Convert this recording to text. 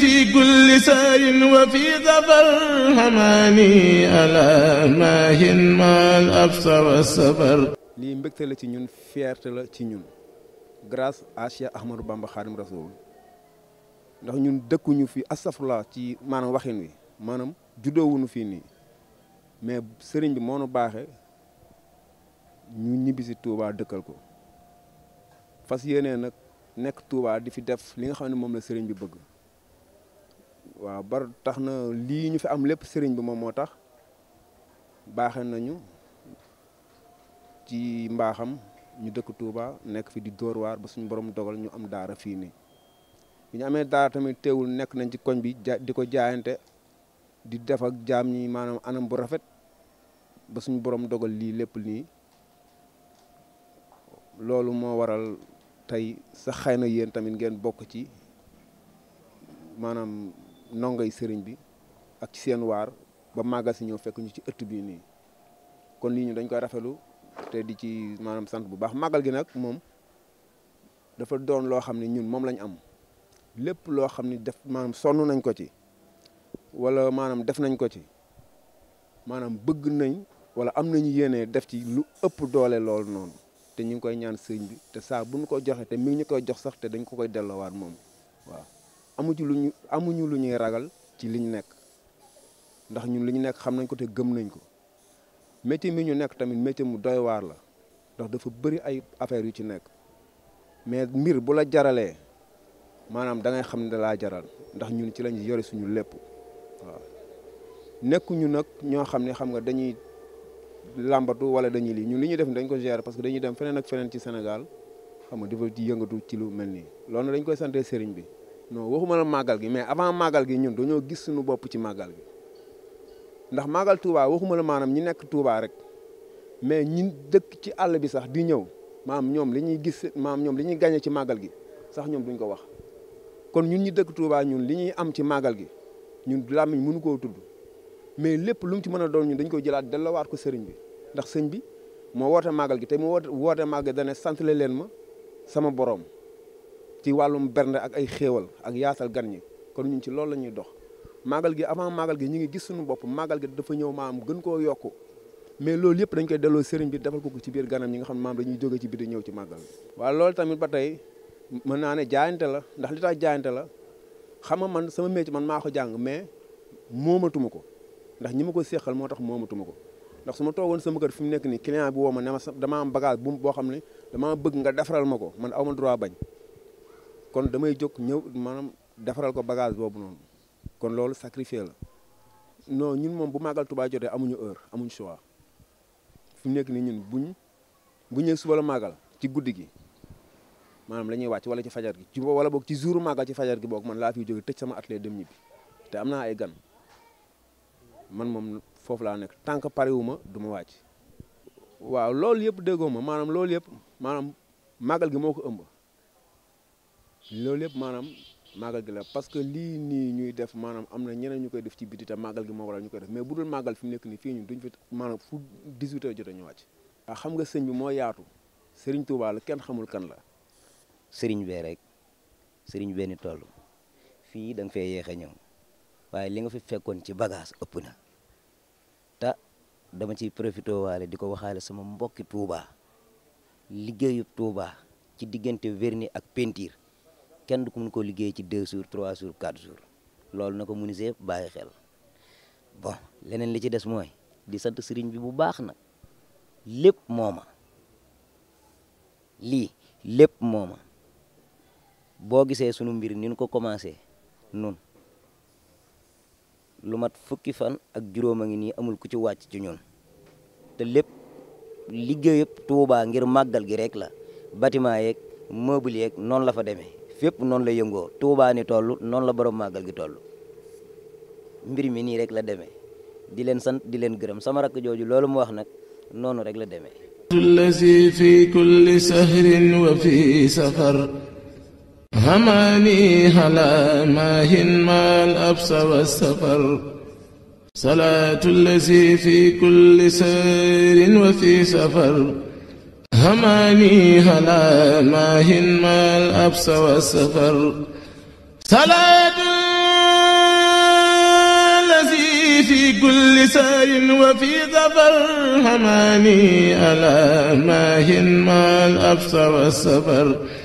في كل سار وفي ظفر حماني ألا ماهن ما الأبصر والسفر lii mbégte la ci ñun fierté la ci ñun grâce à Cheikh Ahmadou Bamba Khadim ndax ñun dëkkuñu fi astafurlah ci maanam waxin wi maanaam juddoowuñu fii nii mais sëriñ bi moo nu baaxee ñu ñibbi si Touba dëkkal ko fas yéenee nag nekk Touba di fi def li nga xam ne moom la sëriñ bi bëgg waaw ba tax na lii ñu fi am lépp sëriñ bi moom moo tax baaxe nañu ci mbaaxam ñu dëkk tuuba nekk fi di dóor waar ba suñu borom dogal ñu am daara fii nii bi ñu amee daara tamit teewul nekk nañ ci koñ bi di ko jaayante di def ak jaam ñi maanaam anam bu rafet ba suñu boroom dogal lii lépp nii loolu moo waral tey sa xëy na yéen tamit ngeen bokk ci maanaam yi sëriñ bi ak ci seen waar ba màggal si ñëw fekk ñu ci ëtt bii nii kon lii ñu dañ koy rafetlu te di ci maanaam sant bu baax màggal gi nag moom dafa doon loo xam ne ñun moom lañu am lépp loo xam ni def maanaam sonn nañ ko ci wala maanaam def nañ ko ci maanaam bëgg nañ wala am nañu yéenee def ci lu ëpp doole loolu noonu te ñu ngi koy ñaan sëriñ bi te saa bu ñu ko joxe te mi ngi ñu koy jox sax te dañ ko koy delloowaat moom waaw amu lu ñu amuñu lu ñuy ragal ci li nekk ndax ñun li ñu nekk xam nañ ko te gëm nañ ko métier mi ñu nekk tamit métier mu doy waar la ndax dafa bëri ay affaires yu ci nekk mais mbir bu la jaralee maanaam da ngay xam ne da laa jaral ndax ñun ci lañ yore suñu lépp waaw nekkuñu nag ñoo xam ne xam nga dañuy làmbatu wala dañuy lii ñun li ñuy def dañ ko gérer parce que dañuy dem feneen ak feneen ci Sénégal xam nga dafa yëngatu ci lu mel nii loolu dañ koy sante sëriñ bi. non waxuma la màggal gi mais avant màggal gi ñun dañoo gis suñu bopp ci màggal gi ndax màggal Touba waxuma la maanaam ñi nekk Touba rek mais ñi dëkk ci àll bi sax di ñëw maam ñoom li ñuy gis maam ñoom li ñuy gañe ci màggal gi sax ñoom duñ ko wax kon ñun ñi dëkk tuubaa ñun li ñuy am ci màggal gi ñun làmmiñ mënu koo tudd mais lépp lu mu ci mën a doon ñun dañ koy jëlaat dellowaat ko sëriñ bi ndax sëñ bi moo woote màggal gi te mu woote woote màggal dane sant leen ma sama boroom ci wàllum bernde ak ay xéewal ak yaatal gan ñi kon ñun ci loolu la ñuy dox màggal gi avant màggal gi ñu ngi gis suñu bopp màggal gi dafa ñëw maam gën koo yokk mais loolu dañ koy delloo sëriñ bi defal ko ci biir ganam ñi nga xam ne maam dañuy jóge ci biir ñëw ci màggal bi loolu tamit ba tey mën naa ne jaayante la ndax li tax jaayante la xam nga man sama métier man maa ko jàng mais moomatuma ko ndax ñi ma ko seexal moo tax moomatuma ko ndax su ma toogoon sama kër fi mu nekk nii client bi woo ma ne ma damaa am bagage bu boo xam ne damaa bëgg nga defaral ma ko man aw ma droit bañ kon damay jóg ñëw maanaam defaral ko bagage boobu noonu kon loolu sacrifié la non ñun moom bu magal Tuubaa jotee amuñu heure amuñu choix fi mu nekk nii ñun buñ bu ñëwee suba la màggal ci guddi gi la wala ci fajar gi ci wala boog ci jour màggal ci fajar gi boog man laa fiy jóge tëj sama atelier dem ñibbi te amna naa ay gan man moom foofu laa nekk tant que pare wu ma du ma wàcc waaw loolu yëpp déggoo ma maanaam loolu gi moo ëmb. loolu yëpp maanaam màggal gi la parce que lii nii ñuy def maanaam am na ñeneen ñu koy def ci biti te màggal gi moo waral ñu koy def mais bu dul màggal fi mu nekk nii fii ñun duñ fi maanaam fu 18 heures jotee ñu wàcc. waaw xam nga sëñ bi moo yaatu sëriñ Touba la kenn xamul kan la. sëriñ bee rek sëriñ bee ni toll fii da nga fee yéex a ñëw waaye li nga fi fekkoon ci bagage ëpp na te dama ciy profité waale di ko waxaale sama mbokki Touba liggéeyub Touba ci diggante vernis ak peinture. kenn du ko mun koo liggéey ci 2 jours 3 jours 4 jours loolu nako ko menuisier bàyyi xel bon leneen li ci dess moy di sant serigne bi bu baax nak lepp moma li lepp moma bo gisé sunu mbir ni ñu ko commencé nun lu mat fukki fan ak juroom a ngi nii amul ku ci wacc ci ñun te lepp liggéey yëpp touba ngir magal gi rek la bâtiment yeeg meuble yeeg non la fa démé fep non la yengo Touba ni tollu non la borom magal gi tollu mbir mi ni rek la demé di len sant di len gërem sama rak joju lolum wax nak nonu rek la demé allazi fi kulli sahrin wa fi safar hamani hala mahin mal absa wa safar salatu allazi fi kulli sahrin wa fi safar هما هلا هلا ماهن ما الأبس والسفر صلاة الذي في كل سار وفي ظفر هماني ألا ماهن ما الأبس والسفر